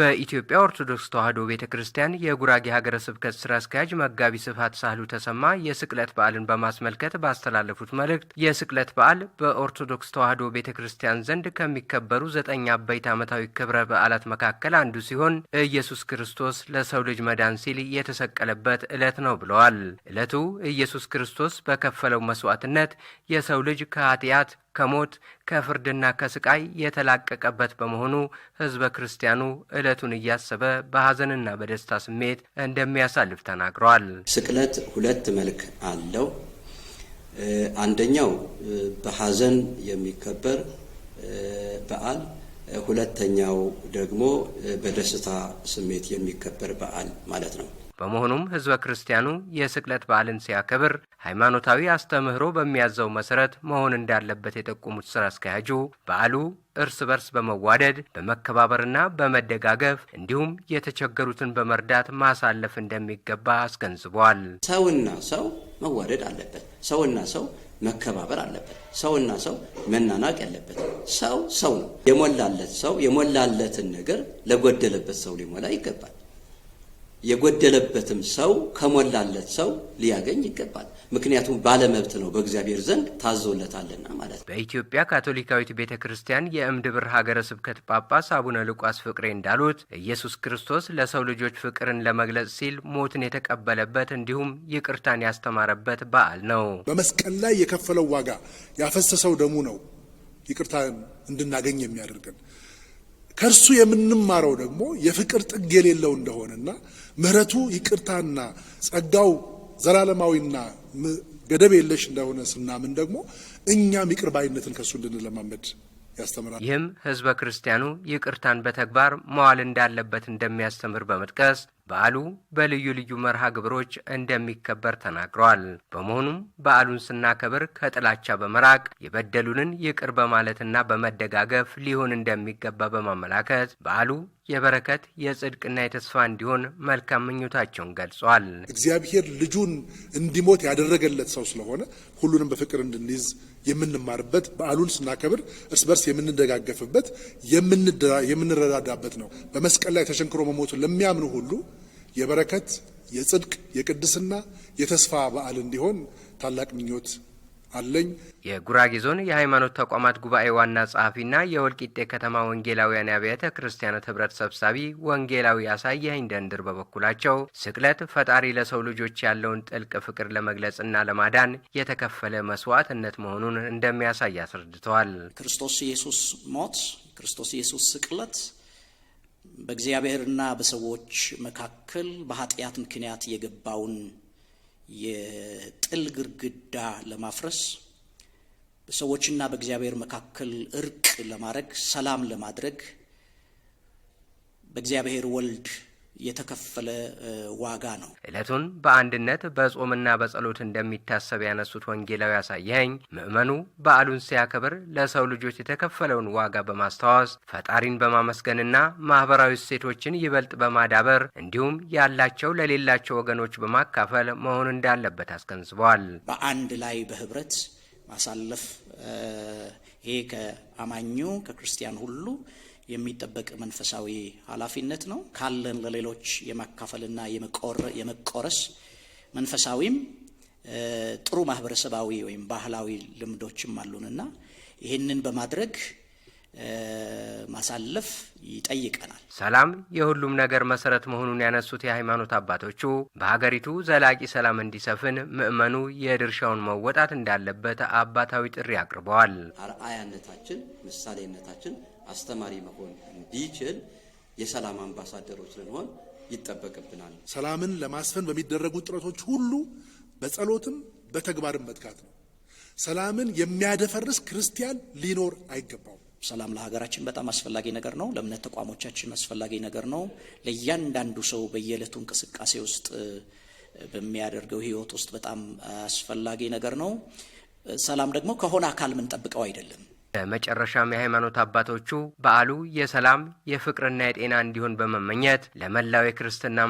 በኢትዮጵያ ኦርቶዶክስ ተዋሕዶ ቤተ ክርስቲያን የጉራጌ ሀገረ ስብከት ስራ አስኪያጅ መጋቢ ስፋት ሳህሉ ተሰማ የስቅለት በዓልን በማስመልከት ባስተላለፉት መልእክት የስቅለት በዓል በኦርቶዶክስ ተዋሕዶ ቤተ ክርስቲያን ዘንድ ከሚከበሩ ዘጠኝ አበይት ዓመታዊ ክብረ በዓላት መካከል አንዱ ሲሆን ኢየሱስ ክርስቶስ ለሰው ልጅ መዳን ሲል የተሰቀለበት ዕለት ነው ብለዋል። ዕለቱ ኢየሱስ ክርስቶስ በከፈለው መስዋዕትነት የሰው ልጅ ከኃጢአት ከሞት ከፍርድና ከስቃይ የተላቀቀበት በመሆኑ ህዝበ ክርስቲያኑ ዕለቱን እያሰበ በሐዘንና በደስታ ስሜት እንደሚያሳልፍ ተናግረዋል። ስቅለት ሁለት መልክ አለው። አንደኛው በሐዘን የሚከበር በዓል፣ ሁለተኛው ደግሞ በደስታ ስሜት የሚከበር በዓል ማለት ነው። በመሆኑም ህዝበ ክርስቲያኑ የስቅለት በዓልን ሲያከብር ሃይማኖታዊ አስተምህሮ በሚያዘው መሰረት መሆን እንዳለበት የጠቆሙት ስራ አስኪያጁ በዓሉ እርስ በርስ በመዋደድ በመከባበርና በመደጋገፍ እንዲሁም የተቸገሩትን በመርዳት ማሳለፍ እንደሚገባ አስገንዝቧል። ሰውና ሰው መዋደድ አለበት። ሰውና ሰው መከባበር አለበት። ሰውና ሰው መናናቅ ያለበት። ሰው ሰው ነው። የሞላለት ሰው የሞላለትን ነገር ለጎደለበት ሰው ሊሞላ ይገባል። የጎደለበትም ሰው ከሞላለት ሰው ሊያገኝ ይገባል። ምክንያቱም ባለመብት ነው በእግዚአብሔር ዘንድ ታዞለታልና ማለት ነው። በኢትዮጵያ ካቶሊካዊት ቤተ ክርስቲያን የእምድብር ሀገረ ስብከት ጳጳስ አቡነ ሉቃስ ፍቅሬ እንዳሉት ኢየሱስ ክርስቶስ ለሰው ልጆች ፍቅርን ለመግለጽ ሲል ሞትን የተቀበለበት እንዲሁም ይቅርታን ያስተማረበት በዓል ነው። በመስቀል ላይ የከፈለው ዋጋ ያፈሰሰው ደሙ ነው ይቅርታ እንድናገኝ የሚያደርገን ከእርሱ የምንማረው ደግሞ የፍቅር ጥግ የሌለው እንደሆነና ምሕረቱ ይቅርታና ጸጋው ዘላለማዊና ገደብ የለሽ እንደሆነ ስናምን ደግሞ እኛም ይቅር ባይነትን ከእሱ እንድንለማመድ ያስተምራል። ይህም ህዝበ ክርስቲያኑ ይቅርታን በተግባር መዋል እንዳለበት እንደሚያስተምር በመጥቀስ በዓሉ በልዩ ልዩ መርሃ ግብሮች እንደሚከበር ተናግረዋል። በመሆኑም በዓሉን ስናከብር ከጥላቻ በመራቅ የበደሉንን ይቅር በማለትና በመደጋገፍ ሊሆን እንደሚገባ በማመላከት በዓሉ የበረከት የጽድቅና የተስፋ እንዲሆን መልካም ምኞታቸውን ገልጿል። እግዚአብሔር ልጁን እንዲሞት ያደረገለት ሰው ስለሆነ ሁሉንም በፍቅር እንድንይዝ የምንማርበት በዓሉን ስናከብር እርስ በርስ የምንደጋገፍበት የምንረዳዳበት ነው። በመስቀል ላይ ተሸንክሮ መሞቱን ለሚያምኑ ሁሉ የበረከት፣ የጽድቅ፣ የቅድስና፣ የተስፋ በዓል እንዲሆን ታላቅ ምኞት አለኝ። የጉራጌ ዞን የሃይማኖት ተቋማት ጉባኤ ዋና ጸሐፊና የወልቂጤ ከተማ ወንጌላውያን አብያተ ክርስቲያናት ህብረት ሰብሳቢ ወንጌላዊ አሳየኸኝ ደንድር በበኩላቸው ስቅለት ፈጣሪ ለሰው ልጆች ያለውን ጥልቅ ፍቅር ለመግለጽና ለማዳን የተከፈለ መስዋዕትነት መሆኑን እንደሚያሳይ አስረድተዋል። ክርስቶስ ኢየሱስ ሞት፣ ክርስቶስ ኢየሱስ ስቅለት በእግዚአብሔርና በሰዎች መካከል በኃጢአት ምክንያት የገባውን የጥል ግርግዳ ለማፍረስ በሰዎችና በእግዚአብሔር መካከል እርቅ ለማድረግ ሰላም ለማድረግ በእግዚአብሔር ወልድ የተከፈለ ዋጋ ነው። ዕለቱን በአንድነት በጾምና በጸሎት እንደሚታሰብ ያነሱት ወንጌላዊ ያሳያኝ። ምዕመኑ በዓሉን ሲያከብር ለሰው ልጆች የተከፈለውን ዋጋ በማስታወስ ፈጣሪን በማመስገንና ማህበራዊ እሴቶችን ይበልጥ በማዳበር እንዲሁም ያላቸው ለሌላቸው ወገኖች በማካፈል መሆን እንዳለበት አስገንዝበዋል። በአንድ ላይ በህብረት ማሳለፍ ይሄ ከአማኙ ከክርስቲያን ሁሉ የሚጠበቅ መንፈሳዊ ኃላፊነት ነው። ካለን ለሌሎች የማካፈልና የመቆረስ መንፈሳዊም ጥሩ ማህበረሰባዊ ወይም ባህላዊ ልምዶችም አሉንና ይህንን በማድረግ ማሳለፍ ይጠይቀናል። ሰላም የሁሉም ነገር መሰረት መሆኑን ያነሱት የሃይማኖት አባቶቹ በሀገሪቱ ዘላቂ ሰላም እንዲሰፍን ምእመኑ የድርሻውን መወጣት እንዳለበት አባታዊ ጥሪ አቅርበዋል። አርአያነታችን ምሳሌነታችን አስተማሪ መሆን እንዲችል የሰላም አምባሳደሮች ልንሆን ይጠበቅብናል። ሰላምን ለማስፈን በሚደረጉ ጥረቶች ሁሉ በጸሎትም በተግባርም መትካት ነው። ሰላምን የሚያደፈርስ ክርስቲያን ሊኖር አይገባው። ሰላም ለሀገራችን በጣም አስፈላጊ ነገር ነው። ለእምነት ተቋሞቻችን አስፈላጊ ነገር ነው። ለእያንዳንዱ ሰው በየዕለቱ እንቅስቃሴ ውስጥ በሚያደርገው ህይወት ውስጥ በጣም አስፈላጊ ነገር ነው። ሰላም ደግሞ ከሆነ አካል የምንጠብቀው አይደለም። በመጨረሻም የሃይማኖት አባቶቹ በዓሉ የሰላም የፍቅርና የጤና እንዲሆን በመመኘት ለመላው የክርስትና